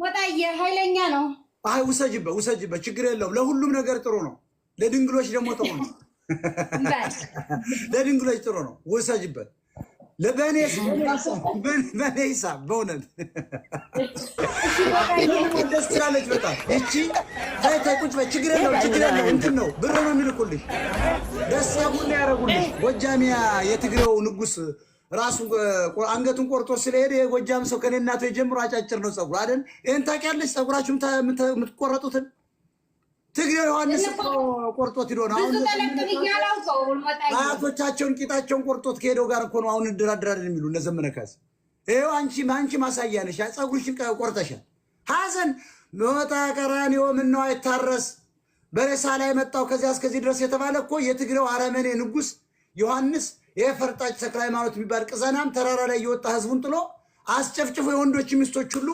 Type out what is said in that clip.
ሞጣዬ ኃይለኛ ነው። አይ ውሰጅበት፣ ውሰጅበት፣ ችግር የለውም። ለሁሉም ነገር ጥሩ ነው። ለድንግሎች ደግሞ ጥሩ ነው። ለድንግሎች ጥሩ ነው። ውሰጅበት። በእኔ ሂሳብ በእውነት ደስ ትላለች በጣም ይቺ ተቁጭ በይ። ችግር የለውም ችግር የለውም እንትን ነው ብር ነው የሚልኩልሽ ደስ ያጉና ጎጃሚያ የትግሬው ንጉሥ ራሱ አንገቱን ቆርጦ ስለሄደ የጎጃም ሰው ከኔ እናቶ የጀምሮ አጫጭር ነው ፀጉሩ አይደል? ይህን ታውቂያለሽ? ፀጉራችሁ የምትቆረጡትን ትግሬ ዮሐንስ ቆርጦት ሂዶ ነው። አያቶቻቸውን ቂጣቸውን ቆርጦት ከሄደው ጋር እኮ ነው አሁን እንደራደራለን የሚሉ እነ ዘመነ ካሴ። ይኸው አንቺ አንቺ ማሳያ ነሽ፣ ፀጉርሽን ቆርጠሻል። ሀዘን መጣ ቀራንዮ ምነው አይታረስ በሬሳ ላይ መጣው ከዚያ እስከዚህ ድረስ የተባለ እኮ የትግሬው አረመኔ ንጉስ ዮሐንስ ይሄ ፈርጣጭ ተክለ ሃይማኖት የሚባል ቅዘናም ተራራ ላይ እየወጣ ህዝቡን ጥሎ አስጨፍጭፎ የወንዶች ሚስቶች ሁሉ